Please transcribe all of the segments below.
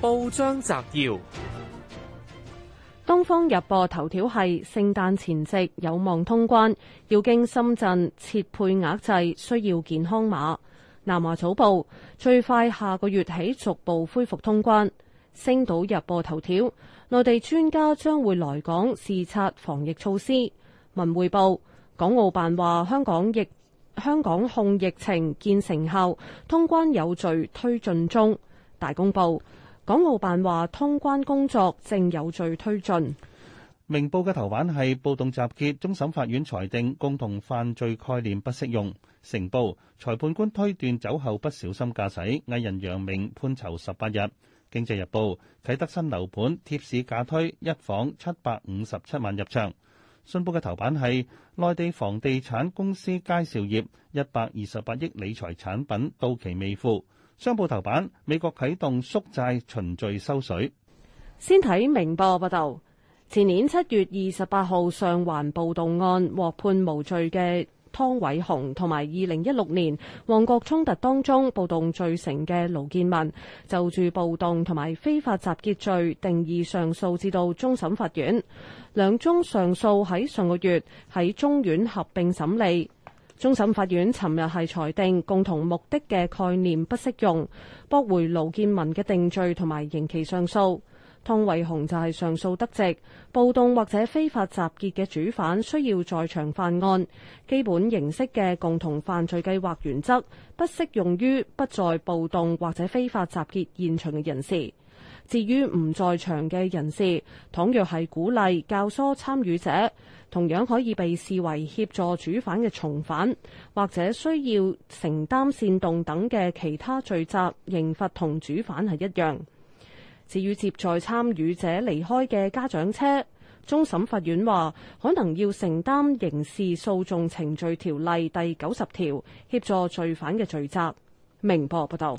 報章摘要：東方日報頭條係聖誕前夕有望通關，要經深圳設配額制，需要健康碼。南華早報，最快下個月起逐步恢復通關。星島日報頭條：內地專家將會來港視察防疫措施。文匯報：港澳辦話香港疫香港控疫情見成效，通關有序推進中。大公報。港澳辦話通關工作正有序推進。明報嘅頭版係暴動集結，終審法院裁定共同犯罪概念不適用。成報裁判官推斷酒後不小心駕駛，藝人楊明判囚十八日。經濟日報啟德新樓盤貼市價推一房七百五十七萬入場。信報嘅頭版係內地房地產公司佳兆業一百二十八億理財產品到期未付。商報頭版，美國啟動縮債循序收水。先睇明報報道，前年七月二十八號上環暴動案獲判無罪嘅湯偉雄，同埋二零一六年旺角衝突當中暴動罪成嘅盧建文，就住暴動同埋非法集結罪，定義上訴至到終審法院。兩宗上訴喺上個月喺中院合併審理。終審法院尋日係裁定共同目的嘅概念不適用，駁回盧建文嘅定罪同埋刑期上訴。湯偉雄就係上訴得直。暴動或者非法集結嘅主犯需要在場犯案，基本形式嘅共同犯罪計劃原則不適用於不在暴動或者非法集結現場嘅人士。至於唔在場嘅人士，倘若係鼓勵教唆參與者。同樣可以被視為協助主犯嘅從犯，或者需要承擔煽動等嘅其他罪責，刑罰同主犯係一樣。至於接載參與者離開嘅家長車，終審法院話可能要承擔《刑事訴訟程序條例第90條》第九十條協助罪犯嘅罪責。明報報道。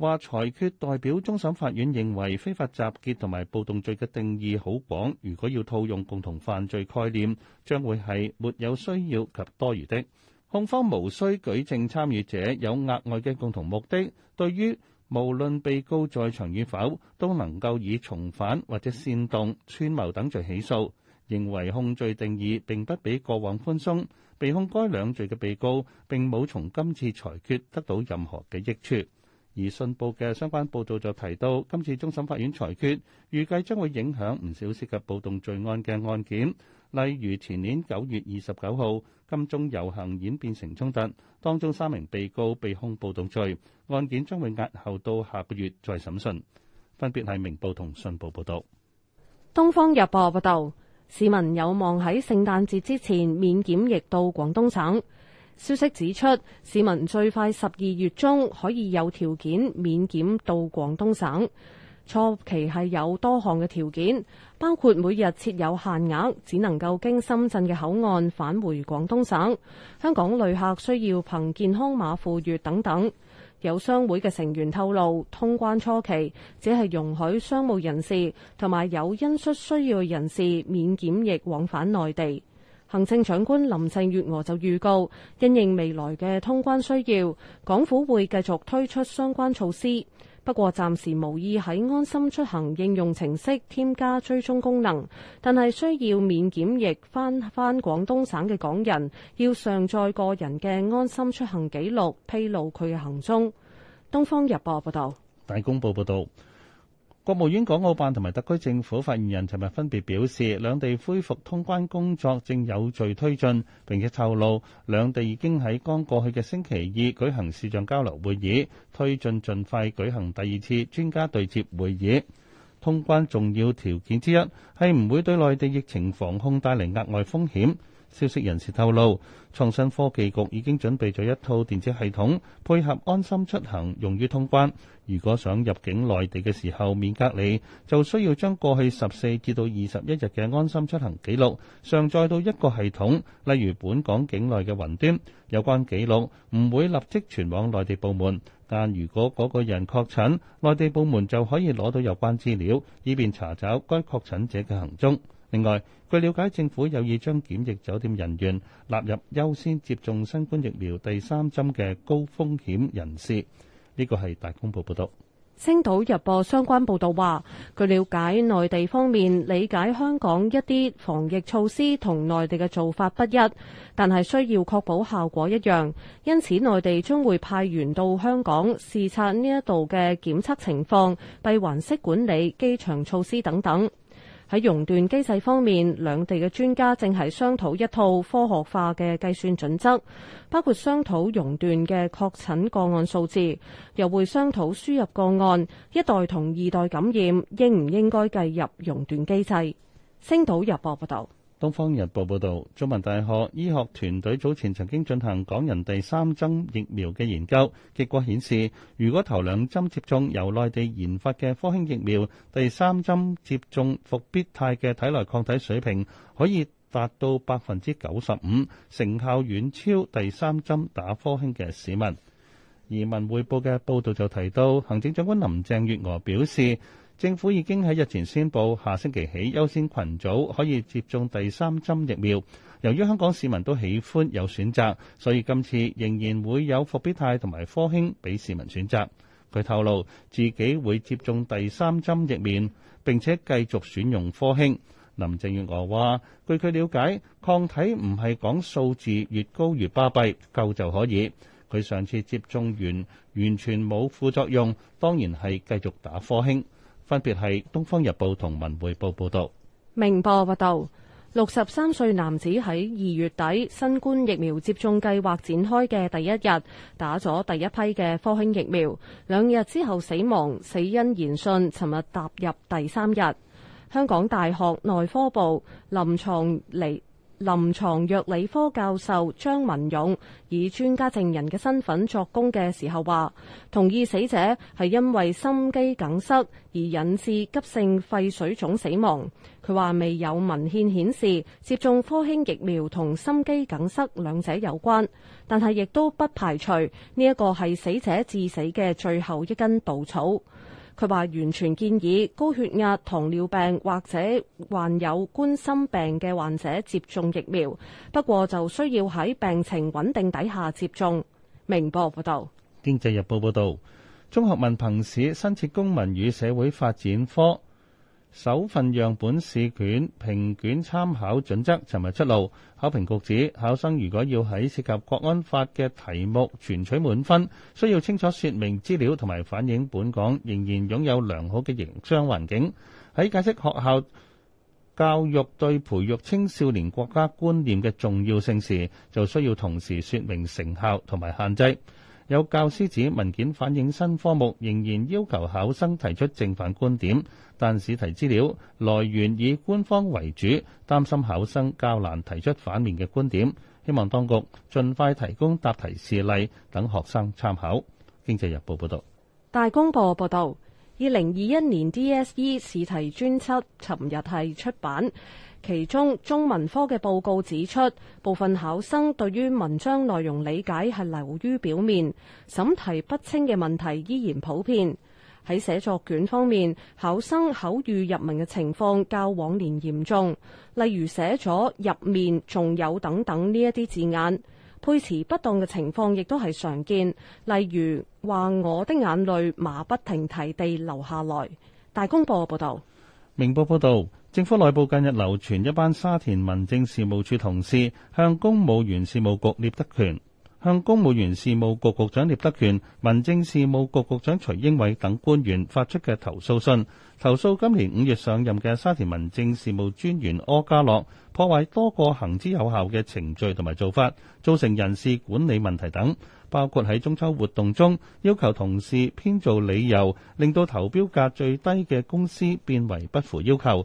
話裁決代表終審法院認為非法集結同埋暴動罪嘅定義好廣，如果要套用共同犯罪概念，將會係沒有需要及多餘的。控方無需舉證參與者有額外嘅共同目的。對於無論被告在場與否，都能夠以重犯或者煽動、串謀等罪起訴，認為控罪定義並不比過往寬鬆。被控該兩罪嘅被告並冇從今次裁決得到任何嘅益處。而信報嘅相關報道就提到，今次終審法院裁決，預計將會影響唔少涉及暴動罪案嘅案件，例如前年九月二十九號金鐘遊行演變成衝突，當中三名被告被控暴動罪，案件將會押後到下個月再審訊。分別係明報同信報報道。《東方日報》報道，市民有望喺聖誕節之前免檢疫到廣東省。消息指出，市民最快十二月中可以有條件免檢到廣東省。初期係有多項嘅條件，包括每日設有限額，只能夠經深圳嘅口岸返回廣東省。香港旅客需要憑健康碼赴粵等等。有商會嘅成員透露，通關初期只係容許商務人士同埋有因需需要人士免檢疫往返內地。行政長官林鄭月娥就預告，因應未來嘅通關需要，港府會繼續推出相關措施。不過暫時無意喺安心出行應用程式添加追蹤功能，但係需要免檢疫返返廣東省嘅港人要上載個人嘅安心出行記錄，披露佢嘅行蹤。東方日報報道，大公報報道。國務院港澳辦同埋特區政府發言人琴日分別表示，兩地恢復通關工作正有序推進，並且透露兩地已經喺剛過去嘅星期二舉行視像交流會議，推進盡快舉行第二次專家對接會議。通關重要條件之一係唔會對內地疫情防控帶嚟額外風險。消息人士透露，創新科技局已經準備咗一套電子系統，配合安心出行用於通關。如果想入境內地嘅時候免隔離，就需要將過去十四至到二十一日嘅安心出行記錄上載到一個系統，例如本港境內嘅雲端。有關記錄，唔會立即傳往內地部門。但如果嗰個人確診，內地部門就可以攞到有關資料，以便查找該確診者嘅行蹤。另外，據了解，政府有意將檢疫酒店人員納入優先接種新冠疫苗第三針嘅高風險人士。呢個係大公報報道。星島日報相關報導話，據了解，內地方面理解香港一啲防疫措施同內地嘅做法不一，但係需要確保效果一樣，因此內地將會派員到香港視察呢一度嘅檢測情況、閉環式管理、機場措施等等。喺熔斷機制方面，兩地嘅專家正係商討一套科學化嘅計算準則，包括商討熔斷嘅確診個案數字，又會商討輸入個案、一代同二代感染應唔應該計入熔斷機制。星島日報報道。《東方日報》報導，中文大學醫學團隊早前曾經進行港人第三針疫苗嘅研究，結果顯示，如果頭兩針接種由內地研發嘅科興疫苗，第三針接種復必泰嘅體內抗體水平可以達到百分之九十五，成效遠超第三針打科興嘅市民。而《文匯報》嘅報導就提到，行政長官林鄭月娥表示。政府已經喺日前宣布，下星期起優先群組可以接種第三針疫苗。由於香港市民都喜歡有選擇，所以今次仍然會有復必泰同埋科興俾市民選擇。佢透露自己會接種第三針疫苗，並且繼續選用科興。林鄭月娥話，據佢了解，抗體唔係講數字越高越巴閉，夠就可以。佢上次接種完完全冇副作用，當然係繼續打科興。分別係《東方日報》同《文匯報》報道。《明報》報道，六十三歲男子喺二月底新冠疫苗接種計劃展開嘅第一日，打咗第一批嘅科興疫苗，兩日之後死亡，死因言訊，尋日踏入第三日，香港大學內科部臨床嚟。臨床藥理科教授張文勇以專家證人嘅身份作供嘅時候話，同意死者係因為心肌梗塞而引致急性肺水腫死亡。佢話未有文獻顯示接種科興疫苗同心肌梗塞兩者有關，但係亦都不排除呢一個係死者致死嘅最後一根稻草。佢話完全建議高血壓、糖尿病或者患有冠心病嘅患者接種疫苗，不過就需要喺病情穩定底下接種。明報報道：《經濟日報》報道，中學文憑試新設公民與社會發展科。首份樣本試卷評卷參考準則尋日出爐，考評局指考生如果要喺涉及國安法嘅題目全取滿分，需要清楚說明資料同埋反映本港仍然擁有良好嘅營商環境。喺解釋學校教育對培育青少年國家觀念嘅重要性時，就需要同時說明成效同埋限制。有教師指文件反映新科目仍然要求考生提出正反觀點，但試題資料來源以官方為主，擔心考生較難提出反面嘅觀點。希望當局盡快提供答題示例等學生參考。經濟日報報道。大公報報道，二零二一年 DSE 試題專輯尋日係出版。其中中文科嘅報告指出，部分考生對於文章內容理解係流於表面，審題不清嘅問題依然普遍。喺寫作卷方面，考生口語入文嘅情況較往年嚴重，例如寫咗入面仲有等等呢一啲字眼，配詞不當嘅情況亦都係常見，例如話我的眼淚馬不停蹄地流下來。大公報報道，明報報道。政府內部近日流傳一班沙田民政事務處同事向公務員事務局聶德權、向公務員事務局局長聶德權、民政事務局局長徐英偉等官員發出嘅投訴信，投訴今年五月上任嘅沙田民政事務專員柯家樂破壞多個行之有效嘅程序同埋做法，造成人事管理問題等，包括喺中秋活動中要求同事編造理由，令到投標價最低嘅公司變為不符要求。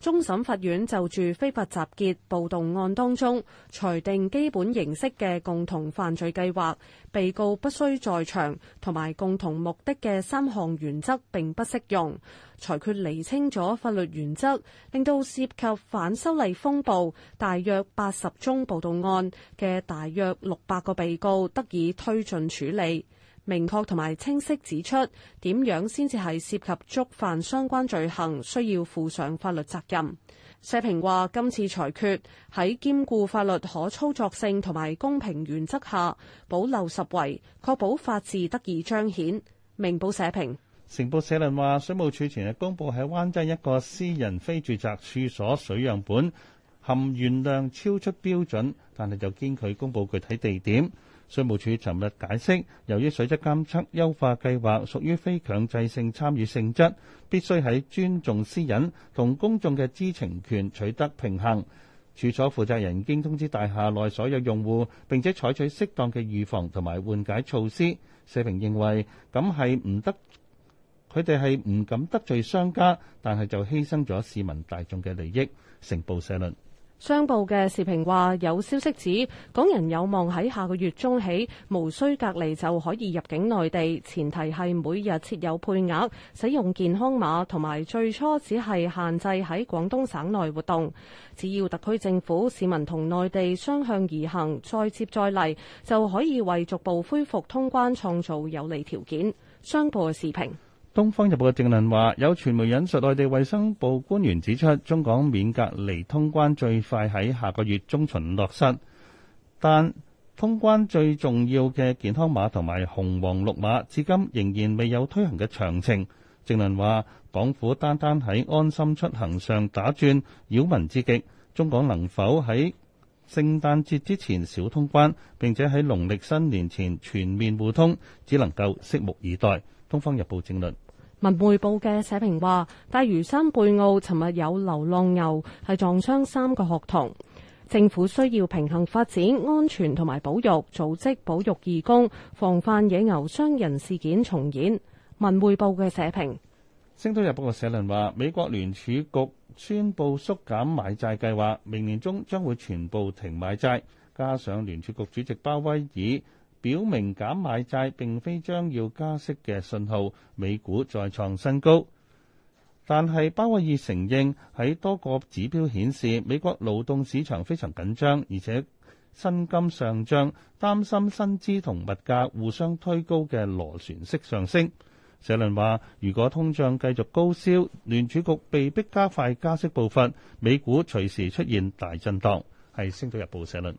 終審法院就住非法集結暴動案當中，裁定基本形式嘅共同犯罪計劃、被告不需在場同埋共同目的嘅三項原則並不適用。裁決釐清咗法律原則，令到涉及反修例風暴大約八十宗暴動案嘅大約六百個被告得以推進處理。明確同埋清晰指出，點樣先至係涉及觸犯相關罪行，需要負上法律責任。社評話：今次裁決喺兼顧法律可操作性同埋公平原則下，保留十圍，確保法治得以彰顯。明報社評，成報社論話，水務署前日公佈喺灣仔一個私人非住宅處所水樣本含鉛量超出標準，但係就堅拒公佈具體地點。稅務處尋日解釋，由於水質監測優化計劃屬於非強制性參與性質，必須喺尊重私隱同公眾嘅知情權取得平衡。處所負責人已經通知大廈內所有用戶，並且採取適當嘅預防同埋緩解措施。社評認為，咁係唔得，佢哋係唔敢得罪商家，但係就犧牲咗市民大眾嘅利益。成報社論。商報嘅時評話，有消息指港人有望喺下個月中起無需隔離就可以入境內地，前提係每日設有配額，使用健康碼，同埋最初只係限制喺廣東省內活動。只要特區政府、市民同內地雙向而行，再接再厲，就可以為逐步恢復通關創造有利條件。商報嘅時評。《東方日報》嘅正論話，有傳媒引述內地衛生部官員指出，中港免隔離通關最快喺下個月中旬落實，但通關最重要嘅健康碼同埋紅黃綠碼至今仍然未有推行嘅詳情。正論話，港府單單喺安心出行上打轉，擾民之極。中港能否喺聖誕節之前小通關，並且喺農曆新年前全面互通，只能夠拭目以待。《東方日報》正論。文匯報嘅社評話：大嶼山貝澳尋日有流浪牛係撞傷三個學童，政府需要平衡發展安全同埋保育，組織保育義工，防範野牛傷人事件重演。文匯報嘅社評。星島日報嘅社論話：美國聯儲局宣布縮減買債計劃，明年中將會全部停買債，加上聯儲局主席鮑威爾。表明減買債並非將要加息嘅信號，美股再創新高。但係鮑威爾承認喺多個指標顯示美國勞動市場非常緊張，而且薪金上漲，擔心薪資同物價互相推高嘅螺旋式上升。社論話，如果通脹繼續高燒，聯儲局被迫加快加息步伐，美股隨時出現大震盪。係星島日報社論。